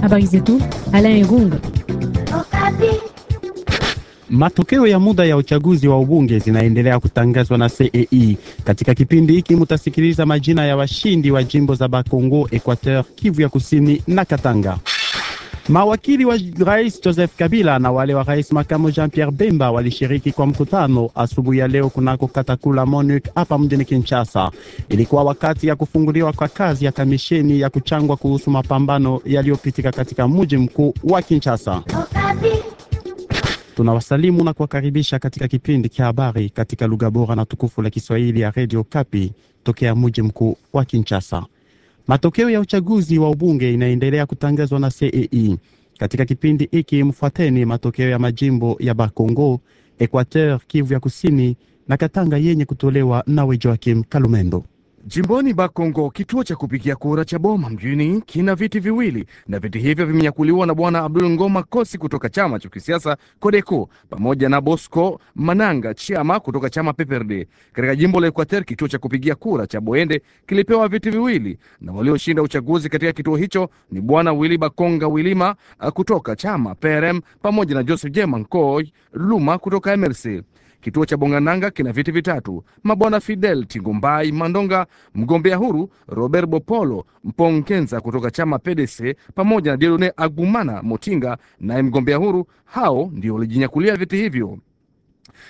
Habari zetu, Alain Ngunga. Matokeo ya muda ya uchaguzi wa ubunge zinaendelea kutangazwa na CEI. E. Katika kipindi hiki mutasikiliza majina ya washindi wa jimbo za Bakongo, Equateur, Kivu ya Kusini na Katanga. Mawakili wa Rais Joseph Kabila na wale wa Rais Makamu Jean Pierre Bemba walishiriki kwa mkutano asubuhi ya leo kunako katakula MONUC hapa mjini Kinshasa. Ilikuwa wakati ya kufunguliwa kwa kazi ya kamisheni ya kuchangwa kuhusu mapambano yaliyopitika katika mji mkuu wa Kinshasa. Tunawasalimu na kuwakaribisha katika kipindi cha habari katika lugha bora na tukufu la Kiswahili ya Radio Kapi tokea mji mkuu wa Kinshasa. Matokeo ya uchaguzi wa ubunge inaendelea kutangazwa na CEI. E. Katika kipindi hiki mfuateni matokeo ya majimbo ya Bakongo, Equateur, Kivu ya Kusini na Katanga yenye kutolewa nawe Wejoakim Kalumendo. Jimboni Bakongo, kituo cha kupigia kura cha Boma mjini kina viti viwili na viti hivyo vimenyakuliwa na bwana Abdul Ngoma Kosi kutoka chama cha kisiasa Kodeko pamoja na Bosco Mananga Chiama kutoka chama PPRD. Katika jimbo la Equateur, kituo cha kupigia kura cha Boende kilipewa viti viwili na walioshinda uchaguzi katika kituo hicho ni bwana Willy Bakonga Wilima kutoka chama PRM pamoja na Joseph Jemankoy Luma kutoka MRC. Kituo cha Bongananga kina viti vitatu: mabwana Fidel Tingumbai Mandonga, mgombea huru Robert Bopolo Mponkenza kutoka chama PDC, pamoja na Diedone Agumana Motinga, naye mgombea huru. Hao ndio walijinyakulia viti hivyo.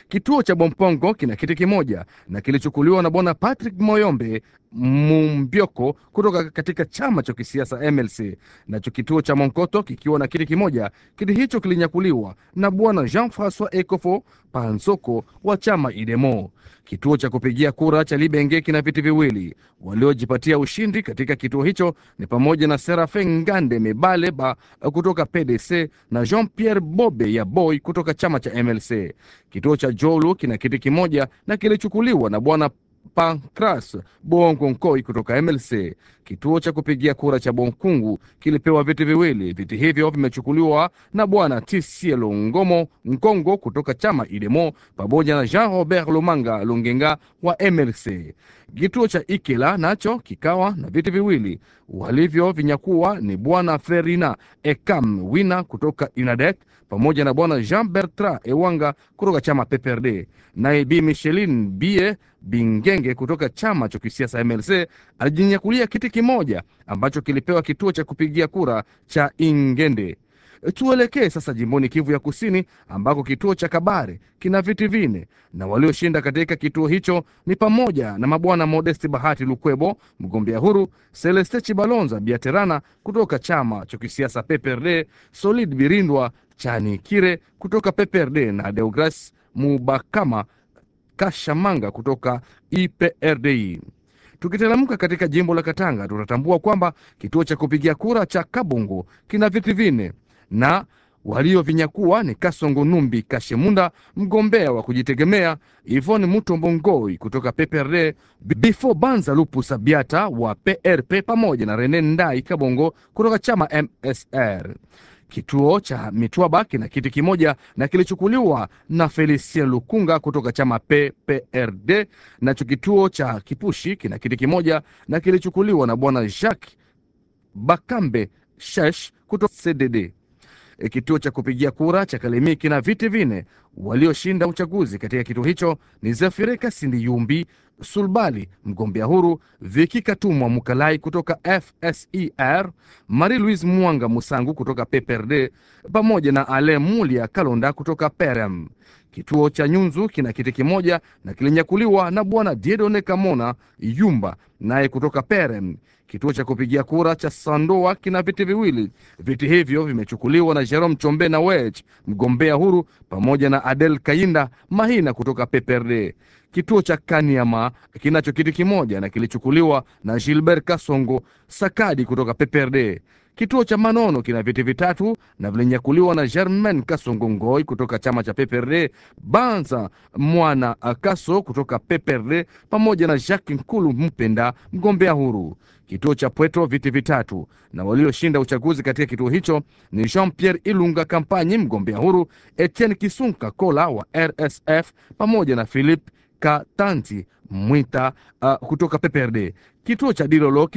Kituo cha Bompongo kina kiti kimoja na kilichukuliwa na bwana Patrick Moyombe Mumbyoko kutoka katika chama cha kisiasa MLC, nacho kituo cha Monkoto kikiwa na kiti kimoja. Kiti hicho kilinyakuliwa na bwana Jean Francois Ecofo Pansoko wa chama Idemo. Kituo cha kupigia kura cha Libenge kina viti viwili. Waliojipatia ushindi katika kituo hicho ni pamoja na Serafin Ngande Mebaleba kutoka PDC na Jean Pierre Bobe ya Boy kutoka chama cha MLC. Kituo cha Jolu kina kiti kimoja na kilichukuliwa na bwana Pancras Bongo kutoka MLC. Kituo cha kupigia kura cha Bonkungu kilipewa viti viwili. Viti hivyo vimechukuliwa na bwana Tisielo Ngomo Nkongo kutoka chama Idemo pamoja na Jean Robert Lumanga Lungenga wa MLC. Kituo cha Ikela nacho kikawa na viti viwili. Walivyo vinyakuwa ni bwana Ferina Ekam Wina kutoka Inadek pamoja na bwana Jean Bertrand Ewanga kutoka chama PPRD. Naye Bi Michelin Bie Binge Mgenge kutoka chama cha kisiasa MLC alijinyakulia kiti kimoja ambacho kilipewa kituo cha kupigia kura cha Ingende. Tuelekee sasa jimboni Kivu ya Kusini, ambako kituo cha Kabare kina viti vine na walioshinda katika kituo hicho ni pamoja na mabwana Modesti Bahati Lukwebo, mgombea huru, Celeste Chibalonza Biaterana kutoka chama cha kisiasa PPRD, Solid Birindwa Chanikire kutoka PPRD na Deogras Mubakama Kashamanga kutoka IPRDI. Tukitelemka katika jimbo la Katanga, tunatambua kwamba kituo cha kupigia kura cha Kabongo kina viti vine na waliovinyakuwa ni Kasongo Numbi Kashemunda, mgombea wa kujitegemea, Ivon Mutombo Ngoi kutoka PPRD, Bifo Banza Lupu Sabiata wa PRP pamoja na Rene Ndai Kabongo kutoka chama MSR kituo cha Mitwaba kina kiti kimoja na kilichukuliwa na Felicien Lukunga kutoka chama PPRD, nacho kituo cha Kipushi kina kiti kimoja na kilichukuliwa na bwana Jacques Bakambe Shesh kutoka CDD. E, kituo cha kupigia kura cha Kalemie kina viti vine. Walioshinda uchaguzi katika kituo hicho ni Zafireka Sindiyumbi Sulbali, mgombea huru Viki Katumwa Mukalai kutoka FSER, Marie Louise Mwanga Musangu kutoka PPRD pamoja na Ale Mulia Kalonda kutoka PEREM. Kituo cha Nyunzu kina kiti kimoja na kilinyakuliwa na bwana Diedone Kamona Yumba naye kutoka PEREM. Kituo cha kupigia kura cha Sandoa kina viti viwili. Viti hivyo vimechukuliwa na Jerome Chombe na Wech, mgombea huru pamoja na Adel Kainda Mahina kutoka PPRD kituo cha Kaniama kinacho kiti kimoja na kilichukuliwa na Gilbert Kasongo Sakadi kutoka PPRD. Kituo cha Manono kina viti vitatu na vilinyakuliwa na Germain Kasongo Ngoi kutoka chama cha PPRD, Banza Mwana Kaso kutoka PPRD pamoja na Jacques Nkulu Mpenda, mgombea huru. Kituo cha Pweto viti vitatu, na walioshinda uchaguzi katika kituo hicho ni Jean Pierre Ilunga Kampanyi, mgombea huru, Etienne Kisunka Kola wa RSF pamoja na Philippe Katanti Mwita uh, kutoka PPRD kituo cha Dilolo.